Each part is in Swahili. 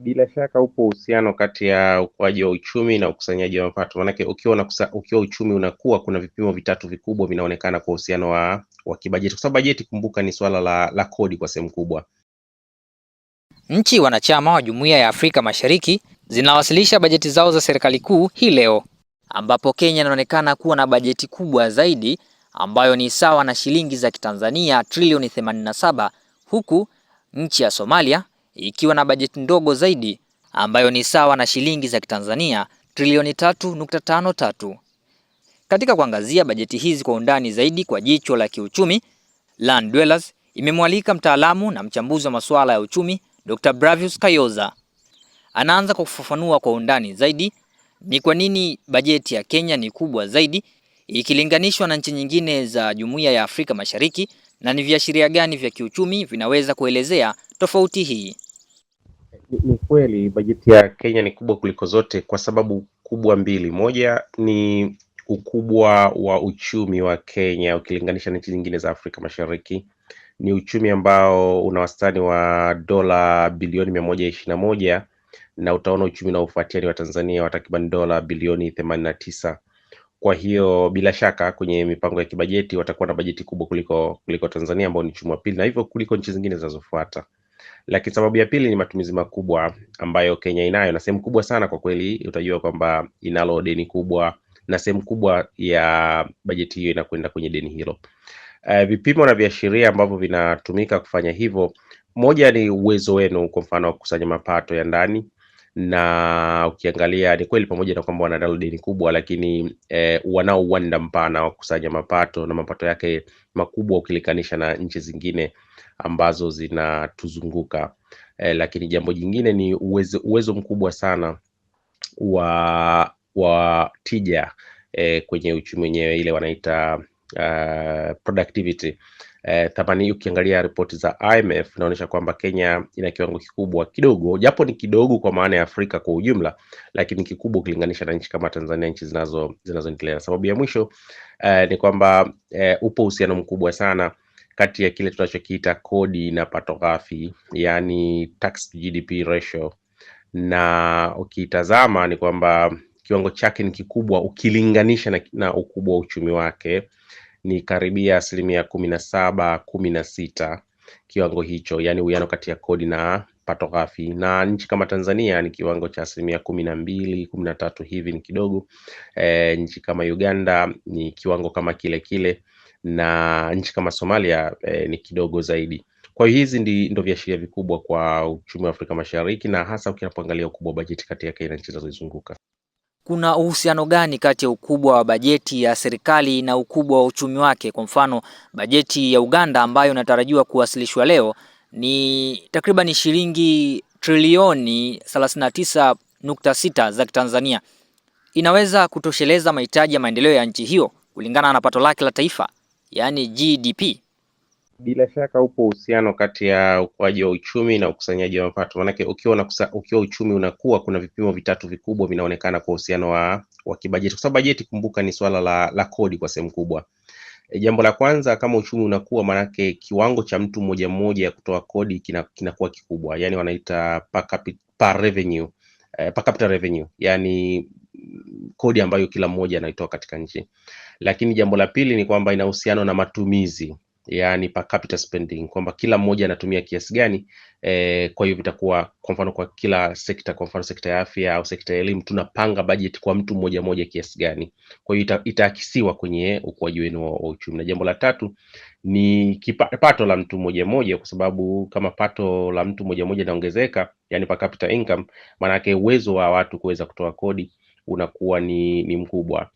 Bila shaka upo uhusiano kati ya ukuaji wa uchumi na ukusanyaji wa mapato, maanake ukiwa unakusa, ukiwa uchumi unakuwa, kuna vipimo vitatu vikubwa vinaonekana kwa uhusiano wa wa kibajeti, kwa sababu bajeti kumbuka ni swala la, la kodi kwa sehemu kubwa. Nchi wanachama wa Jumuiya ya Afrika Mashariki zinawasilisha bajeti zao za serikali kuu hii leo, ambapo Kenya inaonekana kuwa na bajeti kubwa zaidi ambayo ni sawa na shilingi za Kitanzania trilioni 87 huku nchi ya Somalia ikiwa na bajeti ndogo zaidi ambayo ni sawa na shilingi za Kitanzania trilioni 3.53. Katika kuangazia bajeti hizi kwa undani zaidi kwa jicho la kiuchumi, Land Dwellers imemwalika mtaalamu na mchambuzi wa masuala ya uchumi Dr. Bravius Kayoza. Anaanza kwa kufafanua kwa undani zaidi ni kwa nini bajeti ya Kenya ni kubwa zaidi ikilinganishwa na nchi nyingine za Jumuiya ya Afrika Mashariki na ni viashiria gani vya kiuchumi vinaweza kuelezea tofauti hii. Ni kweli bajeti ya Kenya ni kubwa kuliko zote kwa sababu kubwa mbili. Moja ni ukubwa wa uchumi wa Kenya ukilinganisha na nchi nyingine za Afrika Mashariki. Ni uchumi ambao una wastani wa dola bilioni mia moja ishirini na moja na utaona uchumi unaofuatia ni wa Tanzania wa takriban dola bilioni themanini na tisa. Kwa hiyo bila shaka kwenye mipango ya kibajeti watakuwa na bajeti kubwa kuliko kuliko Tanzania ambao ni uchumi wa pili, na hivyo kuliko nchi zingine zinazofuata. Lakini sababu ya pili ni matumizi makubwa ambayo Kenya inayo, na sehemu kubwa sana kwa kweli, utajua kwamba inalo deni kubwa, na sehemu kubwa ya bajeti hiyo inakwenda kwenye deni hilo. Uh, vipimo na viashiria ambavyo vinatumika kufanya hivyo, moja ni uwezo wenu, kwa mfano wa kukusanya mapato ya ndani na ukiangalia ni kweli, pamoja na kwamba wanadalo deni kubwa, lakini eh, wanao uwanda mpana wa kukusanya mapato na mapato yake makubwa ukilinganisha na nchi zingine ambazo zinatuzunguka eh, lakini jambo jingine ni uwezo, uwezo mkubwa sana wa wa tija eh, kwenye uchumi wenyewe ile wanaita uh, productivity eh, thamani. Ukiangalia ripoti za IMF inaonyesha kwamba Kenya ina kiwango kikubwa kidogo, japo ni kidogo kwa maana ya Afrika kwa ujumla, lakini kikubwa ukilinganisha na nchi kama Tanzania, nchi zinazo zinazoendelea. Sababu ya mwisho eh, ni kwamba eh, upo uhusiano mkubwa sana kati ya kile tunachokiita kodi na pato ghafi, yani tax to GDP ratio, na ukitazama ni kwamba kiwango chake ni kikubwa ukilinganisha na, na ukubwa wa uchumi wake ni karibia asilimia kumi na saba kumi na sita kiwango hicho, yani uwiano kati ya kodi na pato ghafi. Na nchi kama Tanzania ni kiwango cha asilimia kumi na mbili kumi na tatu hivi, ni kidogo. E, nchi kama Uganda ni kiwango kama kile kile na nchi kama Somalia eh, ni kidogo zaidi. Kwa hiyo hizi ndi, ndo viashiria vikubwa kwa uchumi wa Afrika Mashariki na hasa ukinapoangalia ukubwa wa bajeti kati yake na nchi zinazoizunguka. Kuna uhusiano gani kati ya ukubwa wa bajeti ya serikali na ukubwa wa uchumi wake? Kwa mfano, bajeti ya Uganda ambayo inatarajiwa kuwasilishwa leo ni takriban shilingi trilioni 39.6 za Kitanzania, inaweza kutosheleza mahitaji ya maendeleo ya nchi hiyo kulingana na pato lake la taifa yani GDP. Bila shaka upo uhusiano kati ya ukuaji wa uchumi na ukusanyaji wa mapato, maanake ukiwa, ukiwa uchumi unakuwa, kuna vipimo vitatu vikubwa vinaonekana kwa uhusiano wa, wa kibajeti, kwa sababu bajeti kumbuka ni swala la, la kodi kwa sehemu kubwa. E, jambo la kwanza kama uchumi unakuwa, maanake kiwango cha mtu mmoja mmoja ya kutoa kodi kinakuwa kina kikubwa, yani wanaita per capita, per revenue, eh, per capita revenue, yani kodi ambayo kila mmoja anaitoa katika nchi. Lakini jambo la pili ni kwamba ina uhusiano na matumizi yani per capita spending, kwamba kila mmoja anatumia kiasi gani E, Kwa hiyo vitakuwa kwa mfano kwa kila sekta, kwa mfano sekta ya afya au sekta ya elimu, tunapanga bajeti kwa mtu mmoja mmoja kiasi gani. Kwa hiyo ita, itaakisiwa kwenye ukuaji wenu wa uchumi. Na jambo la tatu ni kipato la mtu mmoja mmoja, kwa sababu kama pato la mtu mmoja mmoja linaongezeka, yani per capita income, maana yake uwezo wa watu kuweza kutoa kodi unakuwa ni, ni mkubwa.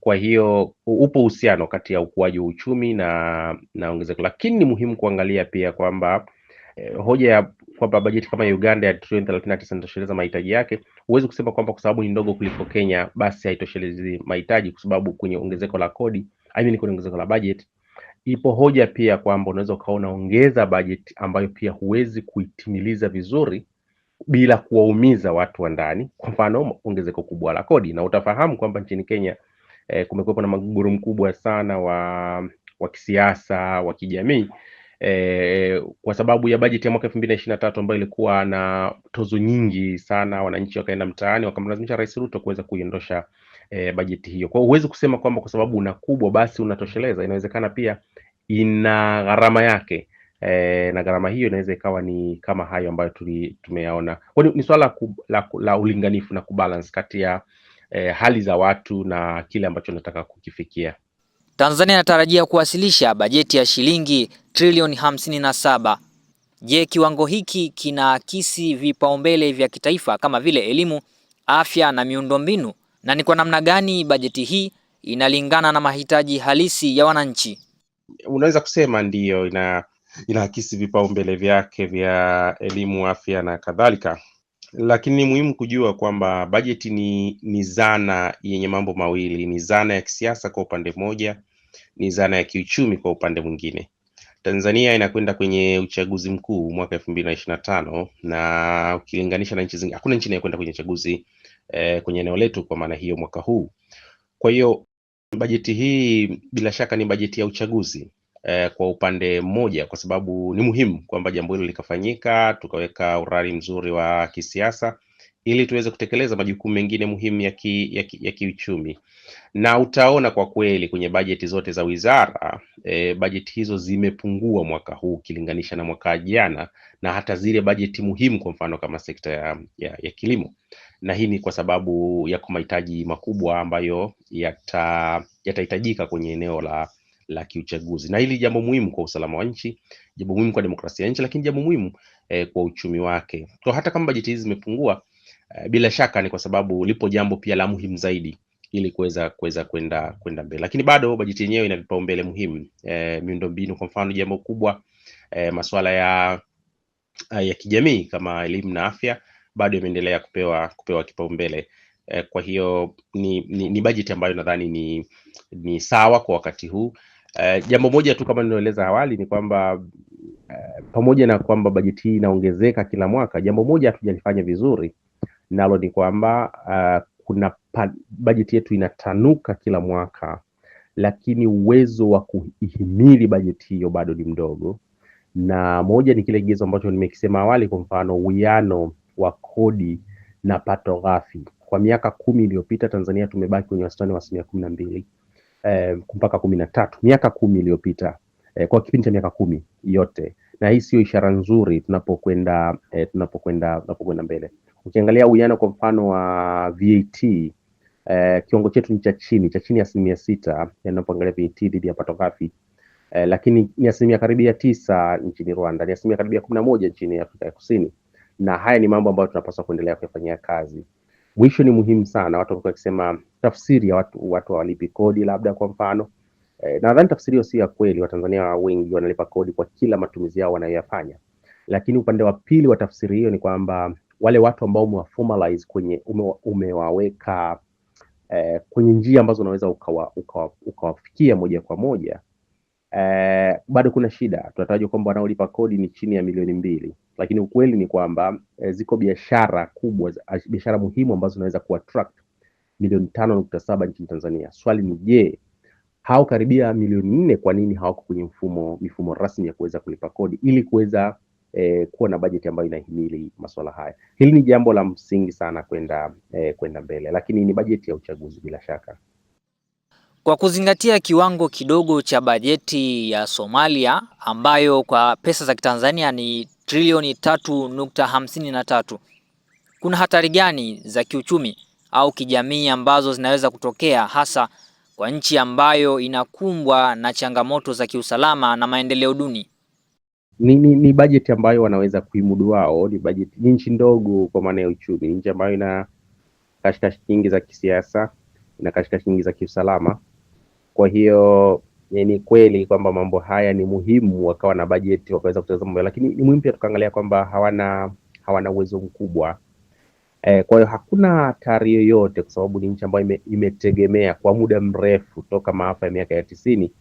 Kwa hiyo upo uhusiano kati ya ukuaji wa uchumi na na ongezeko, lakini ni muhimu kuangalia pia kwamba eh, hoja ya kwamba bajeti kama Uganda ya trilioni thelathini na tisa inatosheleza mahitaji yake, huwezi kusema kwamba kwa sababu ni ndogo kuliko Kenya basi haitoshelezi mahitaji, kwa sababu kwenye ongezeko la kodi I mean, kwenye ongezeko la bajeti ipo hoja pia kwamba unaweza ukawa unaongeza bajeti ambayo pia huwezi kuitimiliza vizuri bila kuwaumiza watu wa ndani, kwa mfano ongezeko kubwa la kodi. Na utafahamu kwamba nchini Kenya eh, kumekuwepo na mgogoro mkubwa sana wa wa kisiasa wa kijamii eh, kwa sababu ya bajeti ya mwaka elfu mbili na ishirini na tatu ambayo ilikuwa na tozo nyingi sana. Wananchi wakaenda mtaani wakamlazimisha Rais Ruto kuweza kuiondosha eh, bajeti hiyo. Kwa hiyo huwezi kusema kwamba kwa sababu una kubwa basi unatosheleza, inawezekana pia ina gharama yake e, na gharama hiyo inaweza ikawa ni kama hayo ambayo tumeyaona. Kwa ni, ni swala la, la ulinganifu na kubalance kati ya e, hali za watu na kile ambacho nataka kukifikia. Tanzania inatarajia kuwasilisha bajeti ya shilingi trilioni hamsini na saba. Je, kiwango hiki kinaakisi vipaumbele vya kitaifa kama vile elimu, afya na miundombinu, na ni kwa namna gani bajeti hii inalingana na mahitaji halisi ya wananchi? Unaweza kusema ndiyo ina inaakisi vipaumbele vyake vya elimu, afya na kadhalika. Lakini ni muhimu kujua kwamba bajeti ni ni zana yenye mambo mawili, ni zana ya kisiasa kwa upande mmoja, ni zana ya kiuchumi kwa upande mwingine. Tanzania inakwenda kwenye uchaguzi mkuu mwaka elfu mbili na ishirini na tano na ukilinganisha na nchi zingine, hakuna nchi inayokwenda kwenye uchaguzi eh, kwenye eneo letu kwa maana hiyo mwaka huu. Kwa hiyo bajeti hii bila shaka ni bajeti ya uchaguzi eh, kwa upande mmoja, kwa sababu ni muhimu kwamba jambo hilo likafanyika, tukaweka urari mzuri wa kisiasa ili tuweze kutekeleza majukumu mengine muhimu ya, ki, ya, ki, ya kiuchumi. Na utaona kwa kweli kwenye bajeti zote za wizara e, bajeti hizo zimepungua mwaka huu ukilinganisha na mwaka jana, na hata zile bajeti muhimu, kwa mfano kama sekta ya, ya, ya kilimo, na hii ni kwa sababu yako mahitaji makubwa ambayo yatahitajika yata kwenye eneo la la kiuchaguzi, na hili jambo muhimu kwa usalama wa nchi, jambo muhimu kwa demokrasia ya nchi, lakini jambo muhimu eh, kwa uchumi wake. Kwa hata kama bajeti hizi zimepungua eh, bila shaka ni kwa sababu lipo jambo pia la muhimu zaidi ili kuweza kuweza kwenda kwenda mbele, lakini bado bajeti yenyewe ina vipaumbele muhimu eh, miundombinu kwa mfano jambo kubwa eh, masuala ya ya kijamii kama elimu na afya bado yameendelea kupewa kupewa kipaumbele eh, kwa hiyo ni, ni, ni bajeti ambayo nadhani ni, ni sawa kwa wakati huu. Uh, jambo moja tu kama nilioeleza awali ni kwamba uh, pamoja na kwamba bajeti hii inaongezeka kila mwaka, jambo moja hatujalifanya vizuri nalo ni kwamba uh, kuna bajeti yetu inatanuka kila mwaka, lakini uwezo wa kuihimili bajeti hiyo bado ni mdogo, na moja ni kile kigezo ambacho nimekisema awali, kwa mfano uwiano wa kodi na pato ghafi. Kwa miaka kumi iliyopita Tanzania tumebaki kwenye wastani wa asilimia kumi na mbili eh, mpaka kumi na tatu, miaka kumi iliyopita eh, kwa kipindi cha miaka kumi yote, na hii sio ishara nzuri tunapokwenda eh, tunapokwenda tunapokwenda mbele. Ukiangalia uwiano kwa mfano wa VAT eh, kiwango chetu ni cha chini cha chini ya asilimia sita inapoangalia eh, VAT dhidi ya pato ghafi eh, lakini ni asilimia karibia tisa nchini Rwanda, ni asilimia karibia kumi na moja nchini Afrika ya Kusini, na haya ni mambo ambayo tunapaswa kuendelea kuyafanyia kazi. Mwisho ni muhimu sana, watu walikuwa wakisema tafsiri ya watu watu hawalipi kodi, labda kwa mfano e, nadhani tafsiri hiyo si ya kweli. Watanzania wengi wanalipa kodi kwa kila matumizi yao wanayoyafanya, lakini upande wa pili wa tafsiri hiyo ni kwamba wale watu ambao formalize kwenye ume, eh, kwenye njia ambazo unaweza ukawafikia ukawa, ukawa moja kwa moja eh, bado kuna shida. Tunatarajia kwamba wanaolipa kodi ni chini ya milioni mbili, lakini ukweli ni kwamba eh, ziko biashara kubwa, ah, biashara muhimu ambazo zinaweza kuattract milioni tano nukta saba nchini Tanzania. Swali ni je, hao karibia milioni nne, kwa nini hawako kwenye mfumo mifumo rasmi ya kuweza kulipa kodi ili kuweza eh, kuwa na bajeti ambayo inahimili masuala haya. Hili ni jambo la msingi sana kwenda eh, kwenda mbele, lakini ni bajeti ya uchaguzi bila shaka. Kwa kuzingatia kiwango kidogo cha bajeti ya Somalia ambayo kwa pesa za Kitanzania ni trilioni 3.53, kuna hatari gani za kiuchumi au kijamii ambazo zinaweza kutokea hasa kwa nchi ambayo inakumbwa na changamoto za kiusalama na maendeleo duni? Ni, ni, ni bajeti ambayo wanaweza kuimudu wao. Ni bajeti, ni nchi ndogo kwa maana ya uchumi, ni nchi ambayo ina kashikashi nyingi za kisiasa, ina kashikashi nyingi za kiusalama. Kwa hiyo ni kweli kwamba mambo haya ni muhimu, wakawa na bajeti wakaweza kutekeleza mambo, lakini ni muhimu pia tukaangalia kwamba hawana hawana uwezo mkubwa e, kwa hiyo hakuna hatari yoyote, kwa sababu ni nchi ambayo ime, imetegemea kwa muda mrefu toka maafa ya miaka ya tisini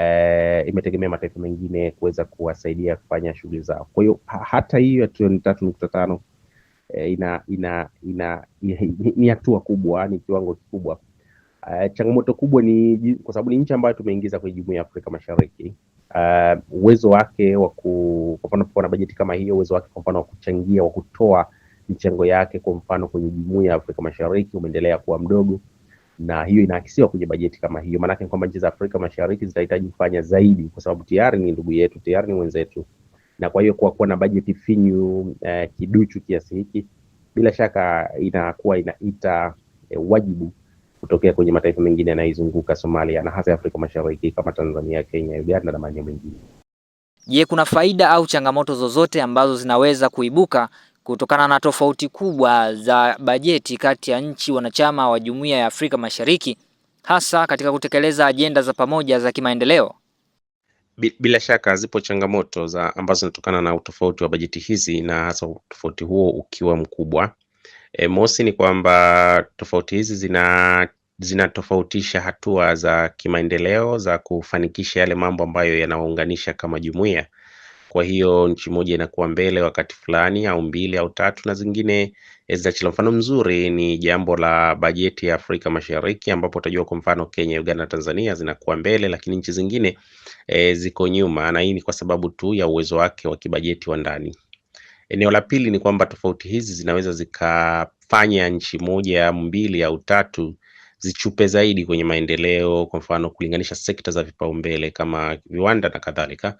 e, imetegemea mataifa mengine kuweza kuwasaidia kufanya shughuli zao. Kwa hiyo hata hiyo ya trilioni tatu nukta tano eh, ina ina ina ni hatua kubwa, ni kiwango kikubwa Uh, changamoto kubwa ni kwa sababu ni nchi ambayo tumeingiza kwenye jumuiya ya Afrika Mashariki. Uh, uwezo wake wa kwa mfano na bajeti kama hiyo, uwezo wake kwa mfano wa kuchangia wa kutoa mchango yake kwa mfano kwenye jumuiya ya Afrika Mashariki umeendelea kuwa mdogo, na hiyo inaakisiwa kwenye bajeti kama hiyo. Maanake kwamba nchi za Afrika Mashariki zitahitaji kufanya zaidi, kwa sababu tayari ni ndugu yetu, tayari ni wenzetu, na kwa hiyo kwa kuwa na bajeti finyu eh, kiduchu kiasi hiki, bila shaka inakuwa inaita eh, wajibu kutokea kwenye mataifa mengine yanayoizunguka Somalia na hasa Afrika Mashariki kama Tanzania, Kenya, Uganda na maeneo mengine. Je, kuna faida au changamoto zozote ambazo zinaweza kuibuka kutokana na tofauti kubwa za bajeti kati ya nchi wanachama wa Jumuiya ya Afrika Mashariki hasa katika kutekeleza ajenda za pamoja za kimaendeleo? Bila shaka zipo changamoto za ambazo zinatokana na utofauti wa bajeti hizi na hasa utofauti huo ukiwa mkubwa E, mosi ni kwamba tofauti hizi zina zinatofautisha hatua za kimaendeleo za kufanikisha yale mambo ambayo yanawaunganisha kama jumuiya. Kwa hiyo nchi moja inakuwa mbele wakati fulani au mbili au tatu na zingine zinachelewa. Mfano mzuri ni jambo la bajeti ya Afrika Mashariki, ambapo utajua kwa mfano Kenya, Uganda, Tanzania zinakuwa mbele, lakini nchi zingine e, ziko nyuma, na hii ni kwa sababu tu ya uwezo wake wa kibajeti wa ndani. Eneo la pili ni kwamba tofauti hizi zinaweza zikafanya nchi moja mbili au tatu zichupe zaidi kwenye maendeleo, kwa mfano kulinganisha sekta za vipaumbele kama viwanda na kadhalika.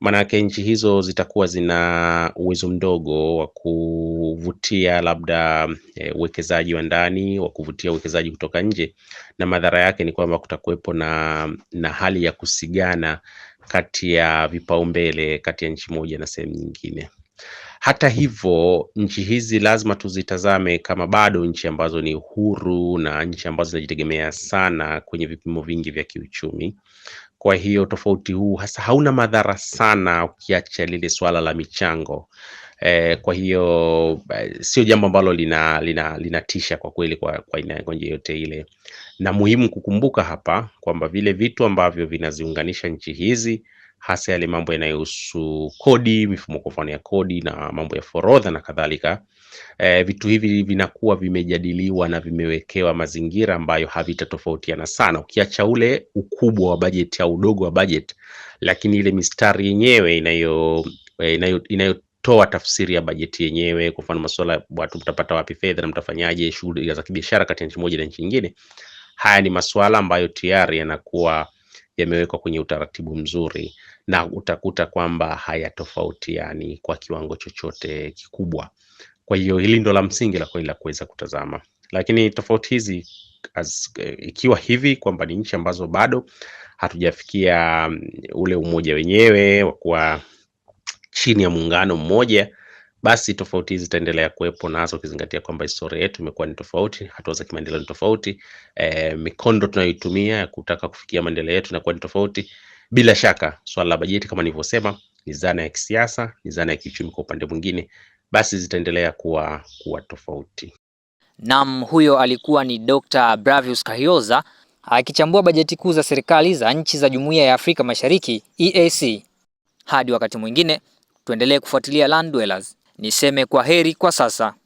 Maanake nchi hizo zitakuwa zina uwezo mdogo wa kuvutia labda eh, uwekezaji e, wa ndani wa kuvutia uwekezaji kutoka nje, na madhara yake ni kwamba kutakuwepo na, na hali ya kusigana kati ya vipaumbele kati ya nchi moja na sehemu nyingine. Hata hivyo, nchi hizi lazima tuzitazame kama bado nchi ambazo ni huru na nchi ambazo zinajitegemea sana kwenye vipimo vingi vya kiuchumi. Kwa hiyo tofauti huu hasa hauna madhara sana ukiacha lile swala la michango. Eh, kwa hiyo eh, sio jambo ambalo lina linatisha lina kwa kweli kwa kwa njia yote ile, na muhimu kukumbuka hapa kwamba vile vitu ambavyo vinaziunganisha nchi hizi hasa yale mambo yanayohusu kodi, mifumo kwa mfano ya kodi na mambo ya forodha na kadhalika. E, vitu hivi vinakuwa vimejadiliwa na vimewekewa mazingira ambayo havitatofautiana sana, ukiacha ule ukubwa wa bajeti au udogo wa bajeti, lakini ile mistari yenyewe inayo eh, inayo, inayo toa tafsiri ya bajeti yenyewe. Kwa mfano masuala watu mtapata wapi fedha na mtafanyaje shughuli za kibiashara kati ya nchi moja na nchi nyingine. Haya ni masuala ambayo tayari yanakuwa yamewekwa kwenye utaratibu mzuri na utakuta kwamba hayatofautiani kwa kiwango chochote kikubwa. Kwa hiyo hili ndo la msingi la kweli la kuweza kutazama, lakini tofauti hizi as, ikiwa hivi kwamba ni nchi ambazo bado hatujafikia mm, ule umoja wenyewe wa kuwa chini ya muungano mmoja, basi tofauti hizi zitaendelea kuwepo nazo, ukizingatia kwamba historia yetu imekuwa ni tofauti, hatua za kimaendeleo ni tofauti, e, mikondo tunayoitumia ya kutaka kufikia maendeleo yetu inakuwa ni tofauti. Bila shaka swala la bajeti kama nilivyosema ni zana ya kisiasa, ni zana ya kiuchumi kwa upande mwingine, basi zitaendelea kuwa kuwa tofauti. Naam, huyo alikuwa ni Dr. Bravius Kahioza akichambua bajeti kuu za serikali za nchi za Jumuiya ya Afrika Mashariki EAC. Hadi wakati mwingine tuendelee kufuatilia Land Dwellers. Niseme kwa heri kwa sasa.